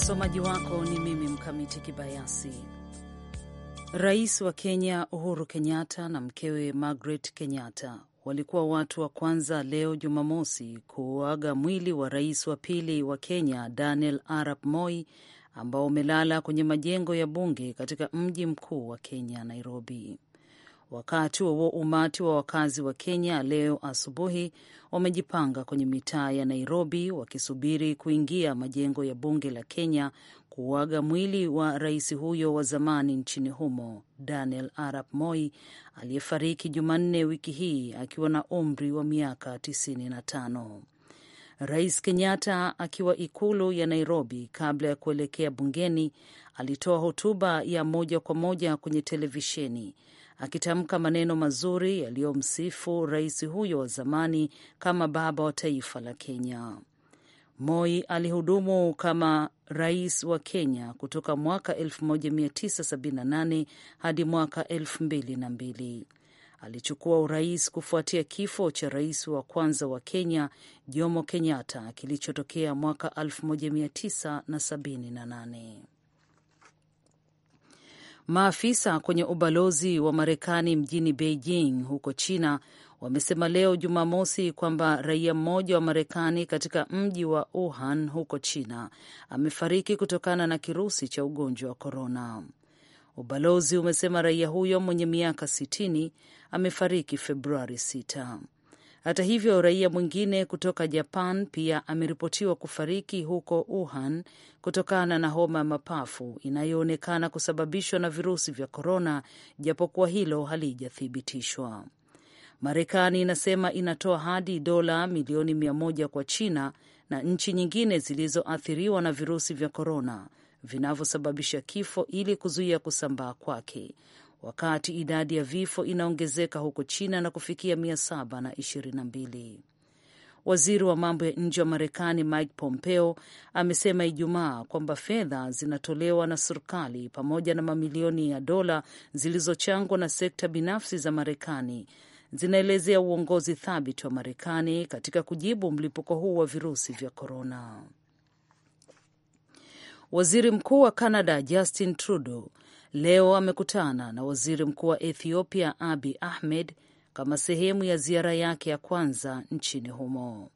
Msomaji wako ni mimi Mkamiti Kibayasi. Rais wa Kenya Uhuru Kenyatta na mkewe Margaret Kenyatta walikuwa watu wa kwanza leo Jumamosi kuuaga mwili wa rais wa pili wa Kenya Daniel Arap Moi ambao umelala kwenye majengo ya bunge katika mji mkuu wa Kenya, Nairobi. Wakati huo umati wa wakazi wa Kenya leo asubuhi wamejipanga kwenye mitaa ya Nairobi wakisubiri kuingia majengo ya bunge la Kenya kuuaga mwili wa rais huyo wa zamani nchini humo Daniel Arap Moi aliyefariki Jumanne wiki hii akiwa na umri wa miaka 95. Rais Kenyatta akiwa ikulu ya Nairobi kabla ya kuelekea bungeni alitoa hotuba ya moja kwa moja kwenye televisheni akitamka maneno mazuri yaliyomsifu rais huyo wa zamani kama baba wa taifa la Kenya. Moi alihudumu kama rais wa Kenya kutoka mwaka 1978 hadi mwaka 2002. Alichukua urais kufuatia kifo cha rais wa kwanza wa Kenya Jomo Kenyatta kilichotokea mwaka 1978. Maafisa kwenye ubalozi wa Marekani mjini Beijing huko China wamesema leo Jumamosi kwamba raia mmoja wa Marekani katika mji wa Wuhan huko China amefariki kutokana na kirusi cha ugonjwa wa korona. Ubalozi umesema raia huyo mwenye miaka 60 amefariki Februari hata hivyo, raia mwingine kutoka Japan pia ameripotiwa kufariki huko Wuhan kutokana na homa ya mapafu inayoonekana kusababishwa na virusi vya korona, japokuwa hilo halijathibitishwa. Marekani inasema inatoa hadi dola milioni mia moja kwa China na nchi nyingine zilizoathiriwa na virusi vya korona vinavyosababisha kifo ili kuzuia kusambaa kwake wakati idadi ya vifo inaongezeka huko China na kufikia mia saba na ishirini na mbili. Waziri wa mambo ya nje wa Marekani Mike Pompeo amesema Ijumaa kwamba fedha zinatolewa na serikali pamoja na mamilioni ya dola zilizochangwa na sekta binafsi za Marekani zinaelezea uongozi thabiti wa Marekani katika kujibu mlipuko huu wa virusi vya korona. Waziri Mkuu wa Canada Justin Trudeau leo amekutana na Waziri Mkuu wa Ethiopia Abiy Ahmed kama sehemu ya ziara yake ya kwanza nchini humo.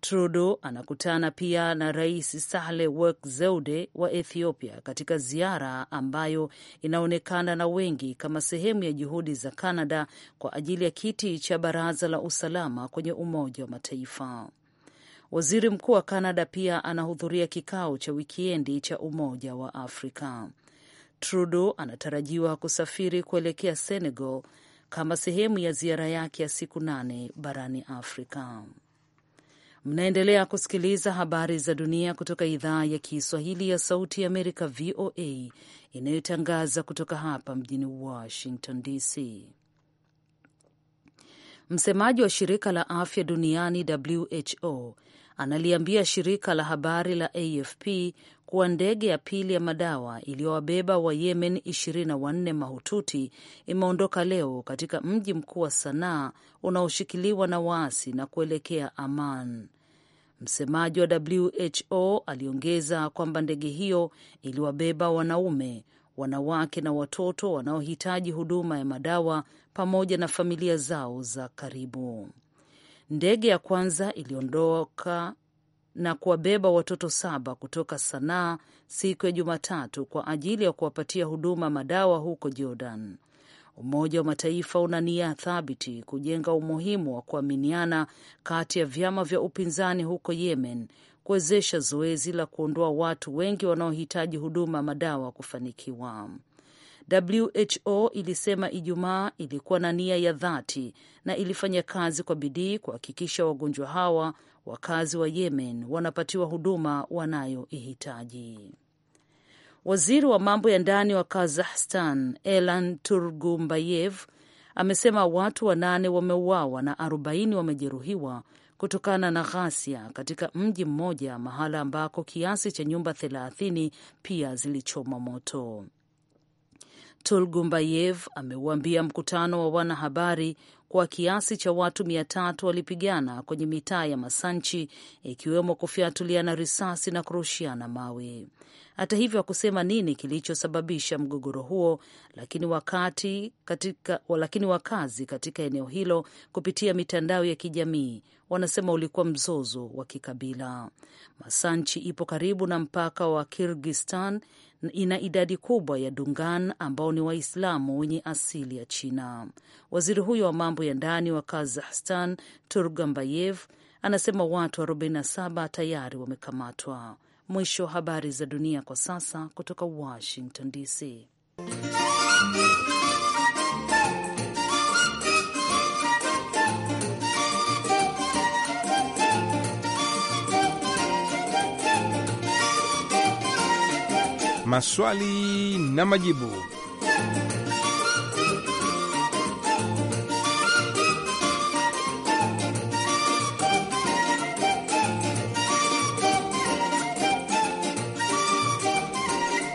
Trudeau anakutana pia na Rais Sahle Work Zewde wa Ethiopia katika ziara ambayo inaonekana na wengi kama sehemu ya juhudi za Canada kwa ajili ya kiti cha Baraza la Usalama kwenye Umoja wa Mataifa. Waziri mkuu wa Kanada pia anahudhuria kikao cha wikiendi cha Umoja wa Afrika. Trudeau anatarajiwa kusafiri kuelekea Senegal kama sehemu ya ziara yake ya siku nane barani Afrika. Mnaendelea kusikiliza habari za dunia kutoka idhaa ya Kiswahili ya Sauti ya Amerika, VOA, inayotangaza kutoka hapa mjini Washington DC. Msemaji wa shirika la afya duniani WHO analiambia shirika la habari la AFP kuwa ndege ya pili ya madawa iliyowabeba wa Yemen 24 mahututi imeondoka leo katika mji mkuu wa Sanaa unaoshikiliwa na waasi na kuelekea Aman. Msemaji wa WHO aliongeza kwamba ndege hiyo iliwabeba wanaume, wanawake na watoto wanaohitaji huduma ya madawa pamoja na familia zao za karibu. Ndege ya kwanza iliondoka na kuwabeba watoto saba kutoka Sanaa siku ya Jumatatu kwa ajili ya kuwapatia huduma madawa huko Jordan. Umoja wa Mataifa una nia thabiti kujenga umuhimu wa kuaminiana kati ya vyama vya upinzani huko Yemen, kuwezesha zoezi la kuondoa watu wengi wanaohitaji huduma madawa kufanikiwa. WHO ilisema Ijumaa ilikuwa na nia ya dhati na ilifanya kazi kwa bidii kuhakikisha wagonjwa hawa wakazi wa Yemen wanapatiwa huduma wanayoihitaji. Waziri wa mambo ya ndani wa Kazakhstan Elan Turgumbayev amesema watu wanane wameuawa na arobaini wamejeruhiwa kutokana na ghasia katika mji mmoja, mahala ambako kiasi cha nyumba thelathini pia zilichoma moto. Tulgumbayev ameuambia mkutano wa wanahabari kwa kiasi cha watu mia tatu walipigana kwenye mitaa ya Masanchi, ikiwemo kufyatuliana risasi na kurushiana mawe. Hata hivyo hakusema nini kilichosababisha mgogoro huo, lakini wakati katika, lakini wakazi katika eneo hilo kupitia mitandao ya kijamii wanasema ulikuwa mzozo wa kikabila. Masanchi ipo karibu na mpaka wa Kirgistan ina idadi kubwa ya Dungan ambao ni Waislamu wenye asili ya China. Waziri huyo wa mambo ya ndani wa Kazakhstan, Turgambayev, anasema watu 47 tayari wamekamatwa. Mwisho wa habari za dunia kwa sasa kutoka Washington DC. maswali na majibu.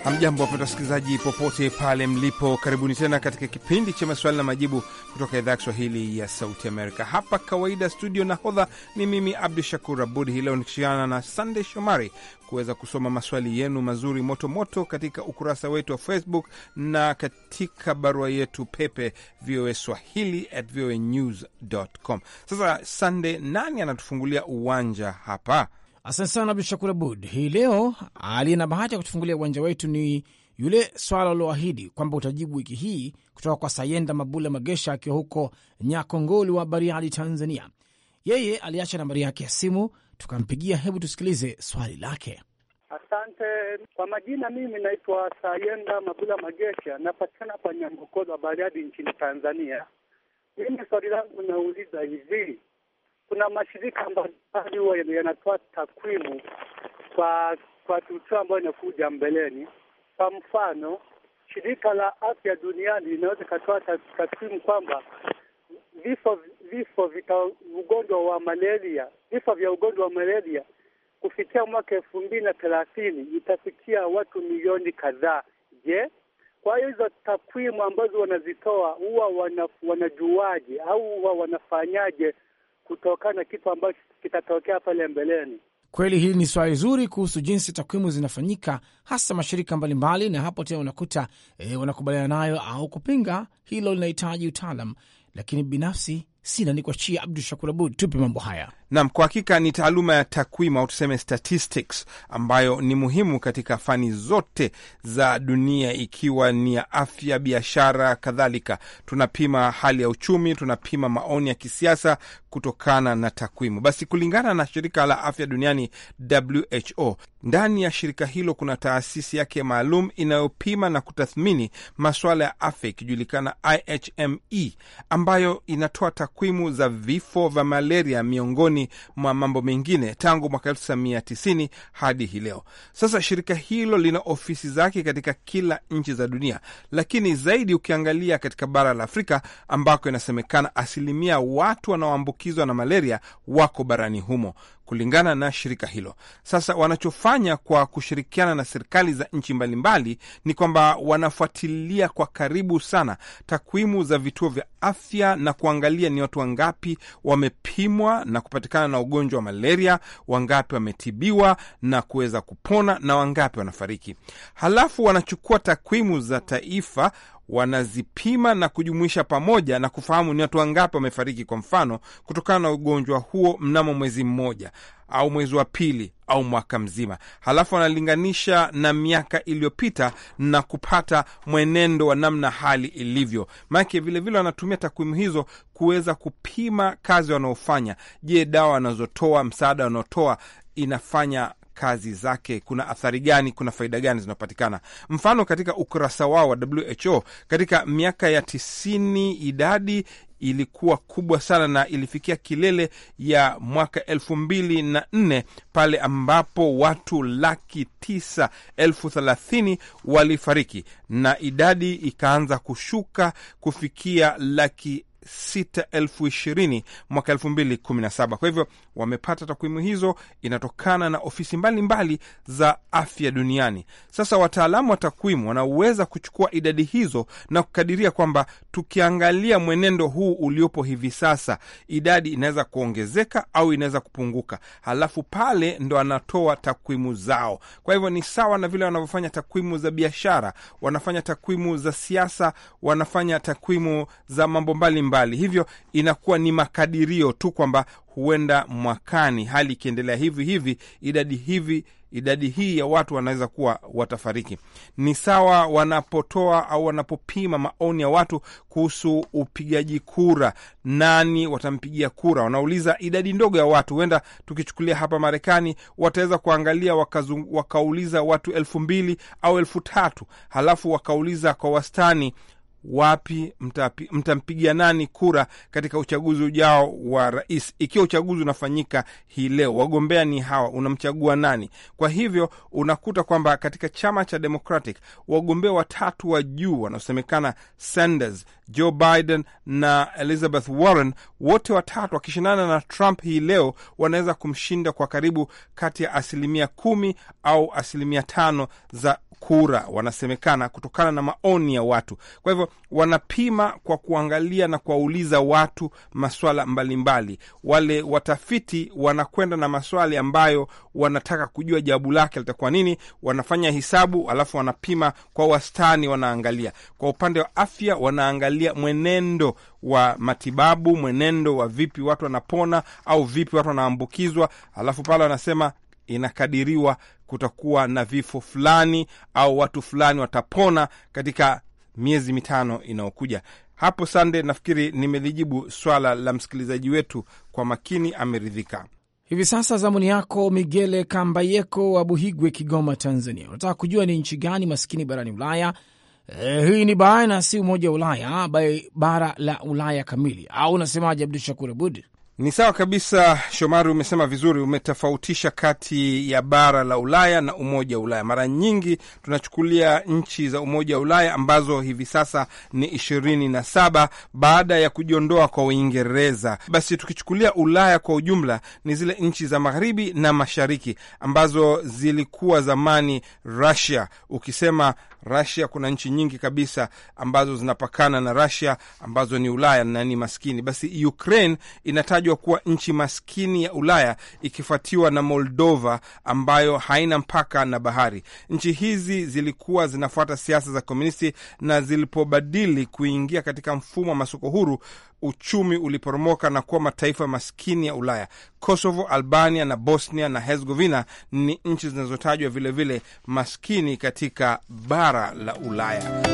Hamjambo, wapenda wasikilizaji popote pale mlipo, karibuni tena katika kipindi cha maswali na majibu kutoka idhaa ya Kiswahili ya Sauti Amerika. Hapa kawaida studio nahodha ni mimi Abdu Shakur Abud, hii leo nikishiriana na Sandey Shomari kuweza kusoma maswali yenu mazuri motomoto -moto katika ukurasa wetu wa Facebook na katika barua yetu pepe VOA Swahili at com. Sasa Sandey, nani anatufungulia uwanja hapa? Asante sana Abdu Shakur Abud. Hii leo aliye na bahati ya kutufungulia uwanja wetu ni yule swala ulioahidi kwamba utajibu wiki hii kutoka kwa Sayenda Mabula Magesha akiwa huko Nyakongoli wa Bariadi, Tanzania. Yeye aliacha nambari yake ya simu tukampigia. Hebu tusikilize swali lake. Asante kwa majina, mimi naitwa Sayenda Mabula Magesha, napatikana hapa wa Bariadi nchini Tanzania. Mimi swali langu nauliza hivi kuna mashirika mbalimbali huwa yanatoa takwimu kwa kwa tukio ambayo inakuja mbeleni. Kwa mfano, shirika la afya duniani linaweza ikatoa takwimu kwamba vifo vifo vya ugonjwa wa malaria vifo vya ugonjwa wa malaria kufikia mwaka elfu mbili na thelathini itafikia watu milioni kadhaa. Je, kwa hiyo hizo takwimu ambazo wanazitoa huwa wanajuaje au huwa wanafanyaje kutokana na kitu ambacho kitatokea pale mbeleni. Kweli hili ni swali zuri kuhusu jinsi takwimu zinafanyika, hasa mashirika mbalimbali, na hapo tena unakuta e, wanakubaliana nayo au kupinga. Hilo linahitaji utaalam, lakini binafsi sina ni kuachia Abdu Shakur Abud, tupe mambo haya. Naam, kwa hakika ni taaluma ya takwimu au tuseme statistics, ambayo ni muhimu katika fani zote za dunia, ikiwa ni ya afya, biashara, kadhalika. Tunapima hali ya uchumi, tunapima maoni ya kisiasa kutokana na takwimu. Basi kulingana na shirika la afya duniani WHO, ndani ya shirika hilo kuna taasisi yake maalum inayopima na kutathmini masuala ya afya, ikijulikana IHME, ambayo inatoa takwimu za vifo vya malaria miongoni mwa mambo mengine tangu mwaka 1990 hadi hii leo. Sasa shirika hilo lina ofisi zake katika kila nchi za dunia, lakini zaidi ukiangalia katika bara la Afrika ambako inasemekana asilimia watu wanaoambukizwa na malaria wako barani humo kulingana na shirika hilo. Sasa wanachofanya kwa kushirikiana na serikali za nchi mbalimbali ni kwamba wanafuatilia kwa karibu sana takwimu za vituo vya afya na kuangalia ni watu wangapi wamepimwa na kupatikana na ugonjwa wa malaria, wangapi wametibiwa na kuweza kupona, na wangapi wanafariki. Halafu wanachukua takwimu za taifa wanazipima na kujumuisha pamoja na kufahamu ni watu wangapi wamefariki kwa mfano kutokana na ugonjwa huo mnamo mwezi mmoja au mwezi wa pili au mwaka mzima, halafu wanalinganisha na miaka iliyopita na kupata mwenendo wa namna hali ilivyo. Maanake vilevile wanatumia takwimu hizo kuweza kupima kazi wanaofanya. Je, dawa wanazotoa, msaada wanaotoa inafanya kazi zake, kuna athari gani, kuna faida gani zinapatikana. Mfano, katika ukurasa wao wa WHO katika miaka ya tisini idadi ilikuwa kubwa sana na ilifikia kilele ya mwaka elfu mbili na nne pale ambapo watu laki tisa elfu thelathini walifariki na idadi ikaanza kushuka kufikia laki sita elfu ishirini mwaka elfu mbili kumi na saba. Kwa hivyo wamepata takwimu hizo inatokana na ofisi mbalimbali mbali za afya duniani. Sasa wataalamu wa takwimu wanaweza kuchukua idadi hizo na kukadiria kwamba tukiangalia mwenendo huu uliopo hivi sasa, idadi inaweza kuongezeka au inaweza kupunguka, halafu pale ndo anatoa takwimu zao. Kwa hivyo ni sawa na vile wanavyofanya takwimu za biashara, wanafanya takwimu za siasa, wanafanya takwimu za mambo mbalimbali mbali. Hivyo inakuwa ni makadirio tu kwamba huenda mwakani hali ikiendelea hivi hivi idadi hivi idadi hii ya watu wanaweza kuwa watafariki. Ni sawa wanapotoa au wanapopima maoni ya watu kuhusu upigaji kura, nani watampigia kura, wanauliza idadi ndogo ya watu. Huenda tukichukulia hapa Marekani, wataweza kuangalia wakauliza watu elfu mbili au elfu tatu halafu wakauliza kwa wastani wapi mtampigia nani kura katika uchaguzi ujao wa rais, ikiwa uchaguzi unafanyika hii leo, wagombea ni hawa, unamchagua nani? Kwa hivyo unakuta kwamba katika chama cha Democratic wagombea watatu wa juu wanaosemekana Sanders, Joe Biden na Elizabeth Warren, wote watatu wakishindana na Trump hii leo, wanaweza kumshinda kwa karibu kati ya asilimia kumi au asilimia tano za kura, wanasemekana kutokana na maoni ya watu. Kwa hivyo wanapima kwa kuangalia na kuwauliza watu maswala mbalimbali. Wale watafiti wanakwenda na maswali ambayo wanataka kujua jawabu lake litakuwa nini, wanafanya hisabu alafu wanapima kwa wastani, wanaangalia kwa upande wa afya, wanaangalia mwenendo wa matibabu, mwenendo wa vipi watu wanapona au vipi watu wanaambukizwa, alafu pale wanasema inakadiriwa kutakuwa na vifo fulani au watu fulani watapona katika miezi mitano inayokuja. Hapo Sande, nafikiri nimelijibu swala la msikilizaji wetu kwa makini, ameridhika. Hivi sasa zamuni yako Migele Kambayeko wa Buhigwe, Kigoma, Tanzania. Unataka kujua ni nchi gani maskini barani Ulaya? E, hii ni bara na si umoja wa Ulaya, bara la Ulaya kamili, au unasemaje Abdu Shakur Abud? Ni sawa kabisa, Shomari, umesema vizuri. Umetofautisha kati ya bara la Ulaya na Umoja wa Ulaya. Mara nyingi tunachukulia nchi za Umoja wa Ulaya ambazo hivi sasa ni ishirini na saba baada ya kujiondoa kwa Uingereza. Basi tukichukulia Ulaya kwa ujumla, ni zile nchi za magharibi na mashariki ambazo zilikuwa zamani Russia. Ukisema Rasia kuna nchi nyingi kabisa ambazo zinapakana na Rasia ambazo ni Ulaya na ni maskini. Basi Ukraine inatajwa kuwa nchi maskini ya Ulaya ikifuatiwa na Moldova ambayo haina mpaka na bahari. Nchi hizi zilikuwa zinafuata siasa za komunisti na zilipobadili kuingia katika mfumo wa masoko huru uchumi uliporomoka na kuwa mataifa maskini ya Ulaya. Kosovo, Albania na Bosnia na Herzegovina ni nchi zinazotajwa vilevile maskini katika bara la Ulaya.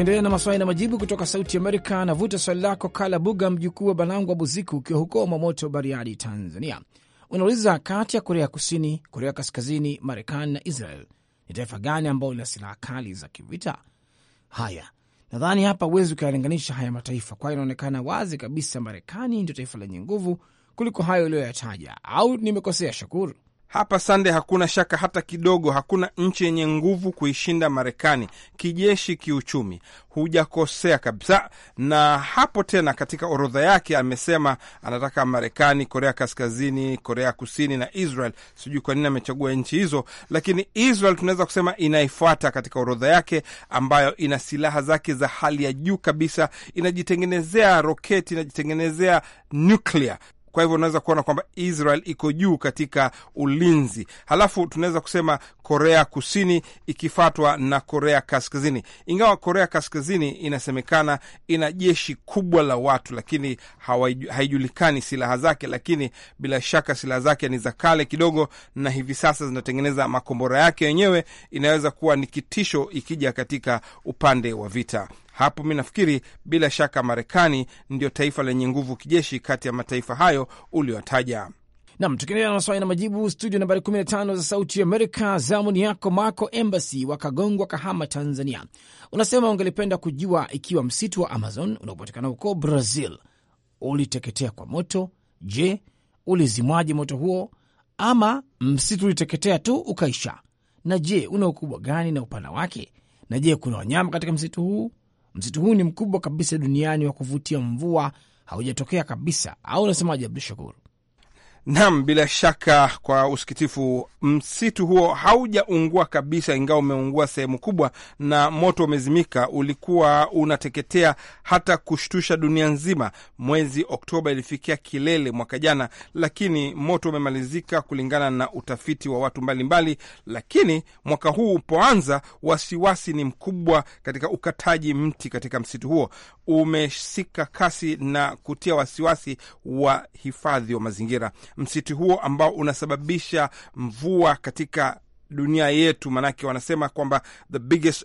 Tukiendelea na maswali na majibu kutoka Sauti Amerika, navuta swali lako Kala Buga, mjukuu wa Balangwa Buziku, ukiwa huko Mamoto, Bariadi, Tanzania. Unauliza, kati ya Korea Kusini, Korea Kaskazini, Marekani na Israel ni taifa gani ambayo lina silaha kali za kivita? Haya, nadhani hapa huwezi ukayalinganisha haya mataifa, kwayo inaonekana wazi kabisa Marekani ndio taifa lenye nguvu kuliko hayo uliyoyataja, au nimekosea, Shukuru. Hapa Sande, hakuna shaka hata kidogo, hakuna nchi yenye nguvu kuishinda Marekani kijeshi, kiuchumi. Hujakosea kabisa. Na hapo tena katika orodha yake amesema anataka Marekani, Korea Kaskazini, Korea Kusini na Israel. Sijui kwa nini amechagua nchi hizo, lakini Israel tunaweza kusema inaifuata katika orodha yake, ambayo ina silaha zake za hali ya juu kabisa, inajitengenezea roketi, inajitengenezea nuklia kwa hivyo unaweza kuona kwamba Israel iko juu katika ulinzi. Halafu tunaweza kusema Korea Kusini ikifatwa na Korea Kaskazini, ingawa Korea Kaskazini inasemekana ina jeshi kubwa la watu, lakini haijulikani silaha zake, lakini bila shaka silaha zake ni za kale kidogo, na hivi sasa zinatengeneza makombora yake yenyewe. Inaweza kuwa ni kitisho ikija katika upande wa vita. Hapo mi nafikiri bila shaka Marekani ndio taifa lenye nguvu kijeshi kati ya mataifa hayo uliyotaja. Nam, tukiendelea na maswali na majibu studio nambari 15 za Sauti ya Amerika. Zamuni yako Marco Embassy wa Kagongwa, Kahama, Tanzania, unasema ungelipenda kujua ikiwa msitu wa Amazon unaopatikana huko Brazil uliteketea kwa moto. Je, ulizimwaje moto huo, ama msitu uliteketea tu ukaisha? Na je, una ukubwa gani na upana wake? Na je, kuna wanyama katika msitu huu? Msitu huu ni mkubwa kabisa duniani wa kuvutia mvua, haujatokea kabisa, au unasemaje Abdu Shakur? Nam, bila shaka kwa usikitifu, msitu huo haujaungua kabisa, ingawa umeungua sehemu kubwa na moto umezimika. Ulikuwa unateketea hata kushtusha dunia nzima. Mwezi Oktoba ilifikia kilele mwaka jana, lakini moto umemalizika kulingana na utafiti wa watu mbalimbali mbali. Lakini mwaka huu upoanza, wasiwasi ni mkubwa katika ukataji mti katika msitu huo, umeshika kasi na kutia wasiwasi wa hifadhi wa mazingira msitu huo ambao unasababisha mvua katika dunia yetu, maanake wanasema kwamba the biggest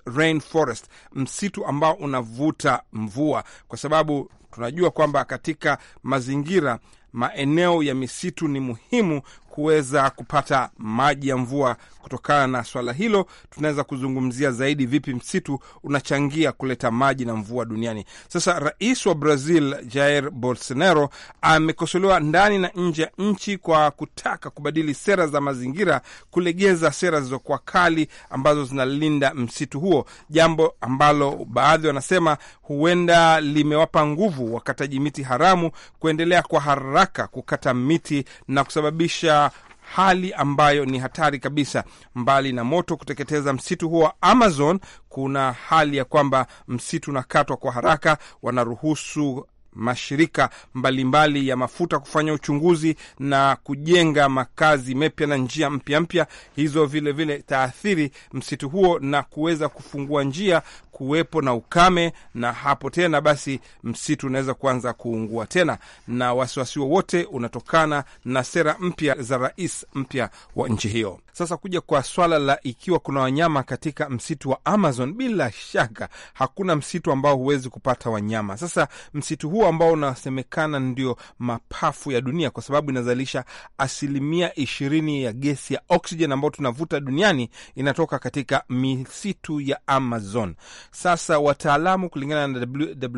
msitu ambao unavuta mvua, kwa sababu tunajua kwamba katika mazingira maeneo ya misitu ni muhimu kuweza kupata maji ya mvua. Kutokana na swala hilo, tunaweza kuzungumzia zaidi vipi msitu unachangia kuleta maji na mvua duniani. Sasa rais wa Brazil Jair Bolsonaro amekosolewa ndani na nje ya nchi kwa kutaka kubadili sera za mazingira, kulegeza sera zilizokuwa kali ambazo zinalinda msitu huo, jambo ambalo baadhi wanasema huenda limewapa nguvu wakataji miti haramu kuendelea kwa haraka kukata miti na kusababisha hali ambayo ni hatari kabisa. Mbali na moto kuteketeza msitu huo wa Amazon, kuna hali ya kwamba msitu unakatwa kwa haraka, wanaruhusu mashirika mbalimbali mbali ya mafuta kufanya uchunguzi na kujenga makazi mepya na njia mpya mpya hizo, vilevile vile taathiri msitu huo na kuweza kufungua njia kuwepo na ukame, na hapo tena basi msitu unaweza kuanza kuungua tena, na wasiwasi wowote unatokana na sera mpya za rais mpya wa nchi hiyo. Sasa kuja kwa swala la ikiwa kuna wanyama katika msitu wa Amazon, bila shaka hakuna msitu ambao huwezi kupata wanyama. Sasa msitu huo mkubwa ambao unasemekana ndio mapafu ya dunia, kwa sababu inazalisha asilimia ishirini ya gesi ya oksijeni ambayo tunavuta duniani inatoka katika misitu ya Amazon. Sasa wataalamu kulingana na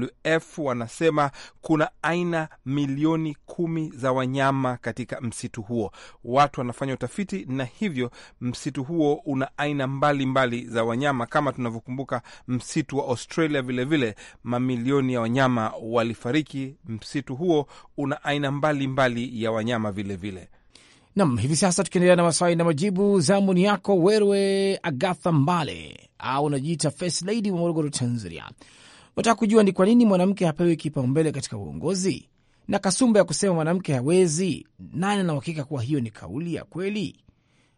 WWF wanasema kuna aina milioni kumi za wanyama katika msitu huo. Watu wanafanya utafiti, na hivyo msitu huo una aina mbalimbali mbali za wanyama kama tunavyokumbuka msitu wa Australia vilevile vile, mamilioni ya wanyama walifariki Mashariki, msitu huo una aina mbalimbali mbali ya wanyama vilevile Nam, hivi sasa tukiendelea na maswali na majibu, zamuni yako Werwe Agatha Mbale au unajiita First Lady wa Morogoro, Tanzania. Unataka kujua ni kwa nini mwanamke hapewi kipaumbele katika uongozi, na kasumba ya kusema mwanamke hawezi. Nani uhakika kuwa hiyo ni kauli ya kweli?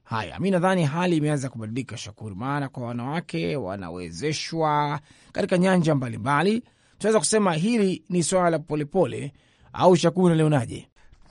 Haya, mi nadhani hali imeanza kubadilika, Shakuru, maana kwa wanawake wanawezeshwa katika nyanja mbalimbali mbali, tunaweza kusema hili ni swala la polepole au chakula unalionaje?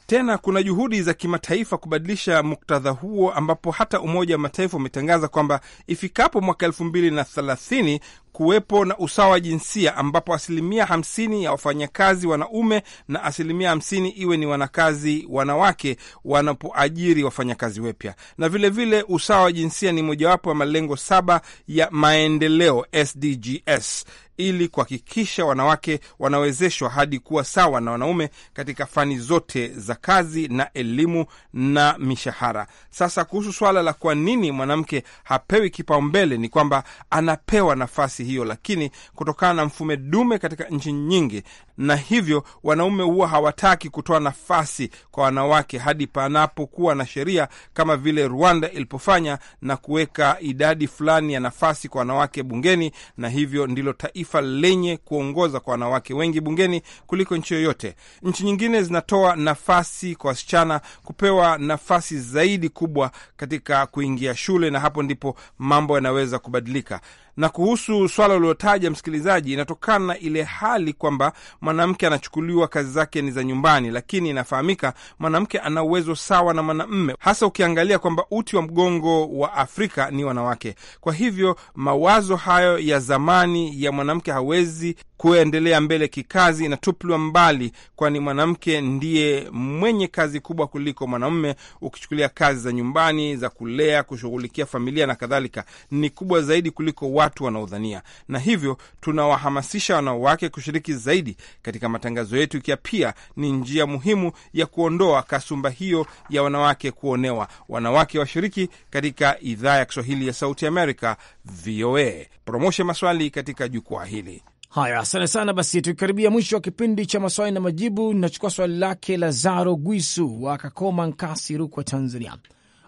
Tena kuna juhudi za kimataifa kubadilisha muktadha huo, ambapo hata Umoja wa Mataifa umetangaza kwamba ifikapo mwaka elfu mbili na thelathini kuwepo na usawa wa jinsia, ambapo asilimia hamsini ya wafanyakazi wanaume na asilimia hamsini iwe ni wanakazi wanawake wanapoajiri wafanyakazi wapya. Na vilevile vile usawa wa jinsia ni mojawapo ya malengo saba ya maendeleo SDGs ili kuhakikisha wanawake wanawezeshwa hadi kuwa sawa na wanaume katika fani zote za kazi na elimu na mishahara. Sasa kuhusu swala la kwa nini mwanamke hapewi kipaumbele, ni kwamba anapewa nafasi hiyo, lakini kutokana na mfumo dume katika nchi nyingi na hivyo wanaume huwa hawataki kutoa nafasi kwa wanawake hadi panapokuwa na sheria kama vile Rwanda ilipofanya na kuweka idadi fulani ya nafasi kwa wanawake bungeni, na hivyo ndilo taifa lenye kuongoza kwa wanawake wengi bungeni kuliko nchi yoyote. Nchi nyingine zinatoa nafasi kwa wasichana kupewa nafasi zaidi kubwa katika kuingia shule, na hapo ndipo mambo yanaweza kubadilika. Na kuhusu swala uliotaja msikilizaji, inatokana na ile hali kwamba mwanamke anachukuliwa kazi zake ni za nyumbani, lakini inafahamika mwanamke ana uwezo sawa na mwanamme, hasa ukiangalia kwamba uti wa mgongo wa Afrika ni wanawake. Kwa hivyo mawazo hayo ya zamani ya mwanamke hawezi kuendelea mbele kikazi inatupiliwa mbali, kwani mwanamke ndiye mwenye kazi kubwa kuliko mwanamume. Ukichukulia kazi za nyumbani, za kulea, kushughulikia familia na kadhalika, ni kubwa zaidi kuliko watu wanaodhania, na hivyo tunawahamasisha wanawake kushiriki zaidi katika matangazo yetu, ikiwa pia ni njia muhimu ya kuondoa kasumba hiyo ya wanawake kuonewa. Wanawake washiriki katika idhaa ya Kiswahili ya Sauti Amerika, VOA. Promoshe maswali katika jukwaa hili. Haya, asante sana. Basi tukikaribia mwisho wa kipindi cha maswali na majibu, inachukua swali lake Lazaro Gwisu wa Kakoma, Nkasi, Rukwa, Tanzania.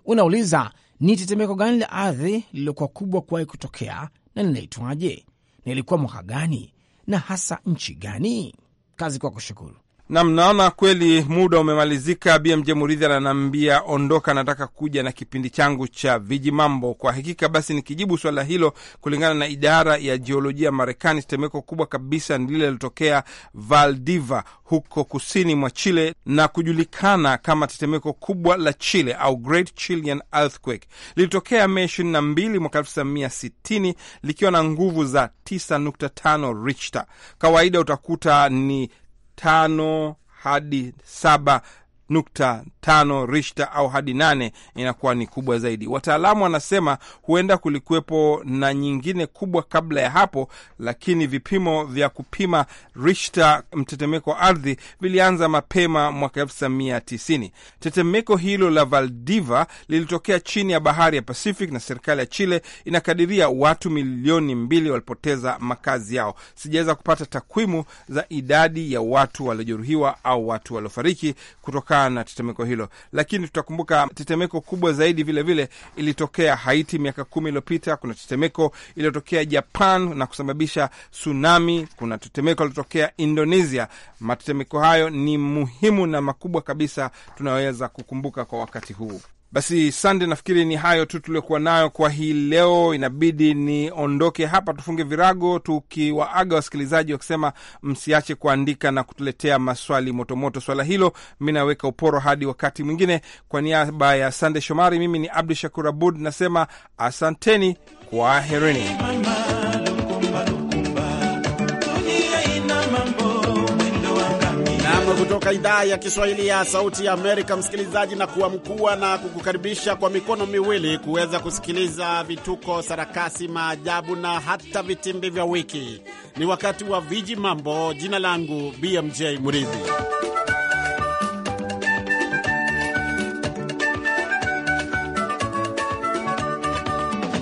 Unauliza, ni tetemeko gani la ardhi lililokuwa kubwa kuwahi kutokea na linaitwaje, na ilikuwa mwaka gani na hasa nchi gani? Kazi kwa kushukuru. Nam, naona kweli muda umemalizika. BMJ Muridhi ananiambia ondoka, nataka kuja na kipindi changu cha viji mambo. Kwa hakika basi, nikijibu swala hilo, kulingana na idara ya jiolojia Marekani, tetemeko kubwa kabisa ni lile lilotokea Valdiva huko kusini mwa Chile na kujulikana kama tetemeko kubwa la Chile au Great Chilean Earthquake. Lilitokea Mei mbili mwaka sitini likiwa na nguvu za 9.5 Richter. Kawaida utakuta ni tano hadi saba nukta tano rishta au hadi nane inakuwa ni kubwa zaidi. Wataalamu wanasema huenda kulikuwepo na nyingine kubwa kabla ya hapo, lakini vipimo vya kupima rishta mtetemeko wa ardhi vilianza mapema mwaka tisini. Tetemeko hilo la Valdiva lilitokea chini ya bahari ya Pacific na serikali ya Chile inakadiria watu milioni mbili walipoteza makazi yao. Sijaweza kupata takwimu za idadi ya watu waliojeruhiwa au watu waliofariki kutoka kutokana na tetemeko hilo, lakini tutakumbuka tetemeko kubwa zaidi vilevile vile ilitokea Haiti miaka kumi iliyopita. Kuna tetemeko iliyotokea Japan na kusababisha tsunami. Kuna tetemeko lilotokea Indonesia. Matetemeko hayo ni muhimu na makubwa kabisa tunaweza kukumbuka kwa wakati huu. Basi Sande, nafikiri ni hayo tu tuliokuwa nayo kwa hii leo. Inabidi niondoke hapa, tufunge virago tukiwaaga wasikilizaji wakisema msiache kuandika na kutuletea maswali motomoto. Swala hilo mi naweka uporo hadi wakati mwingine. Kwa niaba ya Sande Shomari, mimi ni Abdu Shakur Abud nasema asanteni, kwaherini. kutoka idhaa ya Kiswahili ya Sauti ya Amerika, msikilizaji, na kuamkua na kukukaribisha kwa mikono miwili kuweza kusikiliza vituko, sarakasi, maajabu na hata vitimbi vya wiki. Ni wakati wa viji mambo. Jina langu BMJ Muridhi.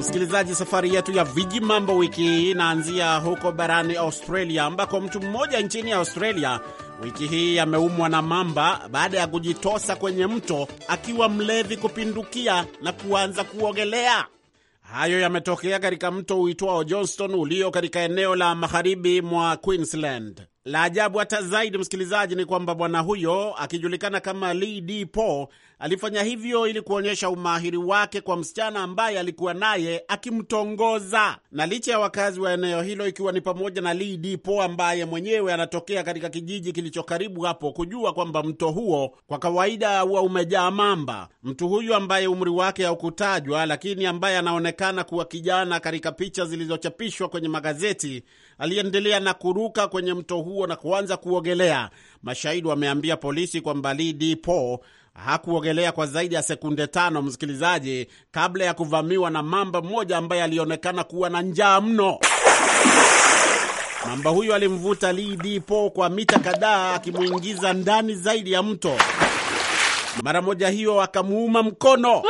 Msikilizaji, safari yetu ya viji mambo wiki hii inaanzia huko barani Australia, ambako mtu mmoja nchini Australia wiki hii ameumwa na mamba baada ya kujitosa kwenye mto akiwa mlevi kupindukia na kuanza kuogelea. Hayo yametokea katika mto uitwao Johnston ulio katika eneo la magharibi mwa Queensland. La ajabu hata zaidi, msikilizaji, ni kwamba bwana huyo akijulikana kama Lee D Paul Alifanya hivyo ili kuonyesha umahiri wake kwa msichana ambaye alikuwa naye akimtongoza. Na licha ya wakazi wa eneo hilo, ikiwa ni pamoja na Lee Dipo ambaye mwenyewe anatokea katika kijiji kilicho karibu hapo, kujua kwamba mto huo kwa kawaida huwa umejaa mamba, mtu huyu ambaye umri wake haukutajwa, lakini ambaye anaonekana kuwa kijana katika picha zilizochapishwa kwenye magazeti aliendelea na kuruka kwenye mto huo na kuanza kuogelea. Mashahidi wameambia polisi kwamba Lee Dipo hakuogelea kwa zaidi ya sekunde tano, msikilizaji, kabla ya kuvamiwa na mamba mmoja ambaye alionekana kuwa na njaa mno. Mamba huyo alimvuta Lee Dipo kwa mita kadhaa, akimwingiza ndani zaidi ya mto. Mara moja hiyo akamuuma mkono,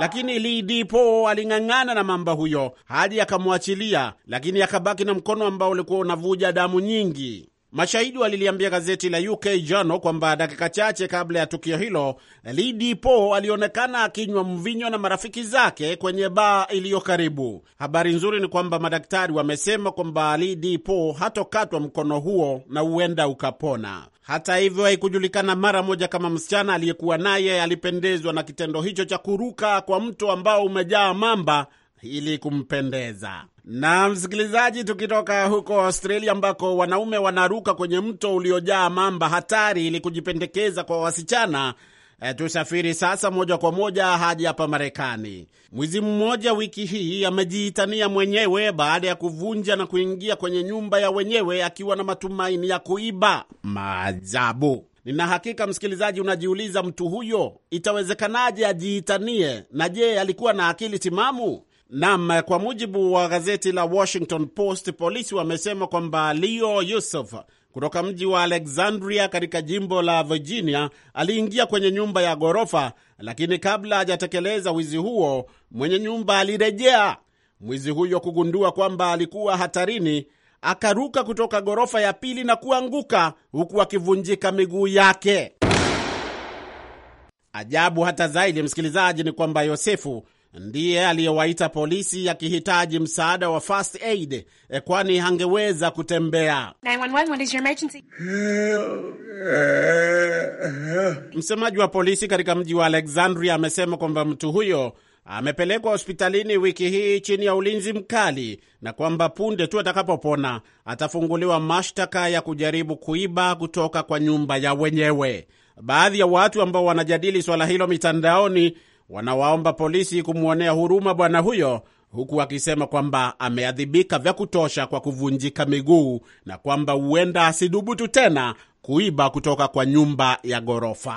lakini Lee Dipo aling'ang'ana na mamba huyo hadi akamwachilia, lakini akabaki na mkono ambao ulikuwa unavuja damu nyingi. Mashahidi waliliambia gazeti la UK Journal kwamba dakika chache kabla ya tukio hilo, Lady Paul alionekana akinywa mvinyo na marafiki zake kwenye baa iliyo karibu. Habari nzuri ni kwamba madaktari wamesema kwamba Lady Paul hatokatwa mkono huo na huenda ukapona. Hata hivyo, haikujulikana mara moja kama msichana aliyekuwa naye alipendezwa na kitendo hicho cha kuruka kwa mto ambao umejaa mamba ili kumpendeza. Na msikilizaji, tukitoka huko Australia ambako wanaume wanaruka kwenye mto uliojaa mamba hatari ili kujipendekeza kwa wasichana. E, tusafiri sasa moja kwa moja hadi hapa Marekani. Mwizi mmoja wiki hii amejiitania mwenyewe baada ya kuvunja na kuingia kwenye nyumba ya wenyewe akiwa na matumaini ya kuiba. Maajabu! Nina hakika msikilizaji, unajiuliza mtu huyo itawezekanaje ajiitanie, na je, alikuwa na akili timamu? Nam, kwa mujibu wa gazeti la Washington Post, polisi wamesema kwamba Leo Yusuf kutoka mji wa Alexandria katika jimbo la Virginia aliingia kwenye nyumba ya ghorofa, lakini kabla hajatekeleza wizi huo, mwenye nyumba alirejea. Mwizi huyo kugundua kwamba alikuwa hatarini, akaruka kutoka ghorofa ya pili na kuanguka huku akivunjika miguu yake. Ajabu hata zaidi, msikilizaji, ni kwamba Yosefu ndiye aliyewaita polisi akihitaji msaada wa first aid, eh, kwani hangeweza kutembea. Msemaji wa polisi katika mji wa Alexandria amesema kwamba mtu huyo amepelekwa hospitalini wiki hii chini ya ulinzi mkali na kwamba punde tu atakapopona atafunguliwa mashtaka ya kujaribu kuiba kutoka kwa nyumba ya wenyewe. Baadhi ya watu ambao wanajadili swala hilo mitandaoni wanawaomba polisi kumwonea huruma bwana huyo, huku akisema kwamba ameadhibika vya kutosha kwa kuvunjika miguu na kwamba huenda asidhubutu tena kuiba kutoka kwa nyumba ya ghorofa.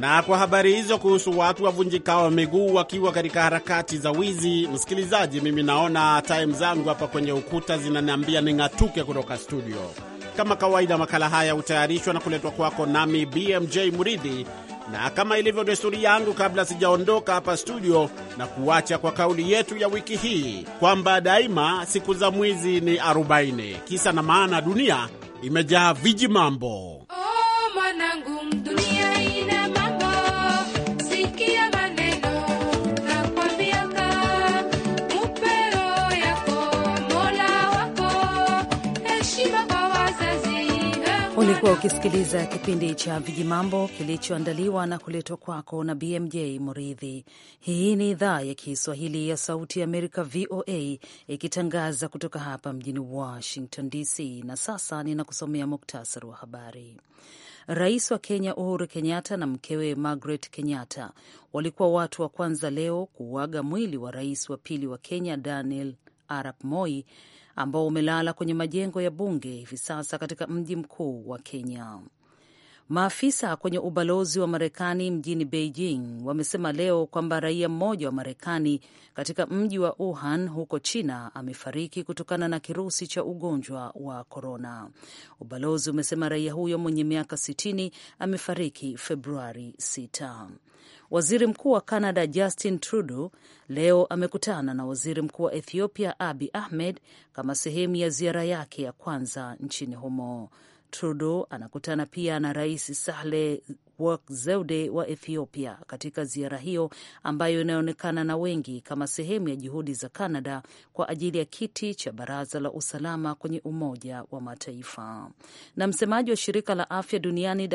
Na kwa habari hizo kuhusu watu wavunjikao wa miguu wakiwa katika harakati za wizi, msikilizaji, mimi naona time zangu hapa kwenye ukuta zinaniambia ning'atuke kutoka studio. Kama kawaida, makala haya hutayarishwa na kuletwa kwako nami BMJ Muridhi na kama ilivyo desturi yangu, kabla sijaondoka hapa studio, na kuacha kwa kauli yetu ya wiki hii kwamba daima siku za mwizi ni 40. Kisa na maana, dunia imejaa viji mambo. Ulikuwa ukisikiliza kipindi cha Vijimambo kilichoandaliwa na kuletwa kwako na BMJ Muridhi. Hii ni idhaa ya Kiswahili ya Sauti ya Amerika, VOA, ikitangaza kutoka hapa mjini Washington DC. Na sasa ninakusomea muktasari wa habari. Rais wa Kenya Uhuru Kenyatta na mkewe Margaret Kenyatta walikuwa watu wa kwanza leo kuuaga mwili wa rais wa pili wa Kenya Daniel Arap Moi ambao umelala kwenye majengo ya bunge hivi sasa katika mji mkuu wa Kenya. Maafisa kwenye ubalozi wa Marekani mjini Beijing wamesema leo kwamba raia mmoja wa Marekani katika mji wa Wuhan huko China amefariki kutokana na kirusi cha ugonjwa wa korona. Ubalozi umesema raia huyo mwenye miaka 60 amefariki Februari 6. Waziri Mkuu wa Canada Justin Trudeau leo amekutana na Waziri Mkuu wa Ethiopia abi Ahmed kama sehemu ya ziara yake ya kwanza nchini humo. Trudeau anakutana pia na Rais Sahle Work Zewde wa Ethiopia katika ziara hiyo ambayo inaonekana na wengi kama sehemu ya juhudi za Canada kwa ajili ya kiti cha Baraza la Usalama kwenye Umoja wa Mataifa. Na msemaji wa shirika la afya duniani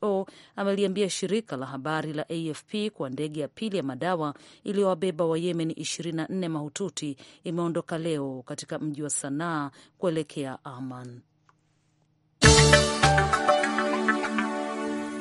WHO ameliambia shirika la habari la AFP kwa ndege ya pili ya madawa iliyowabeba wa Yemen 24 mahututi imeondoka leo katika mji wa Sanaa kuelekea Aman.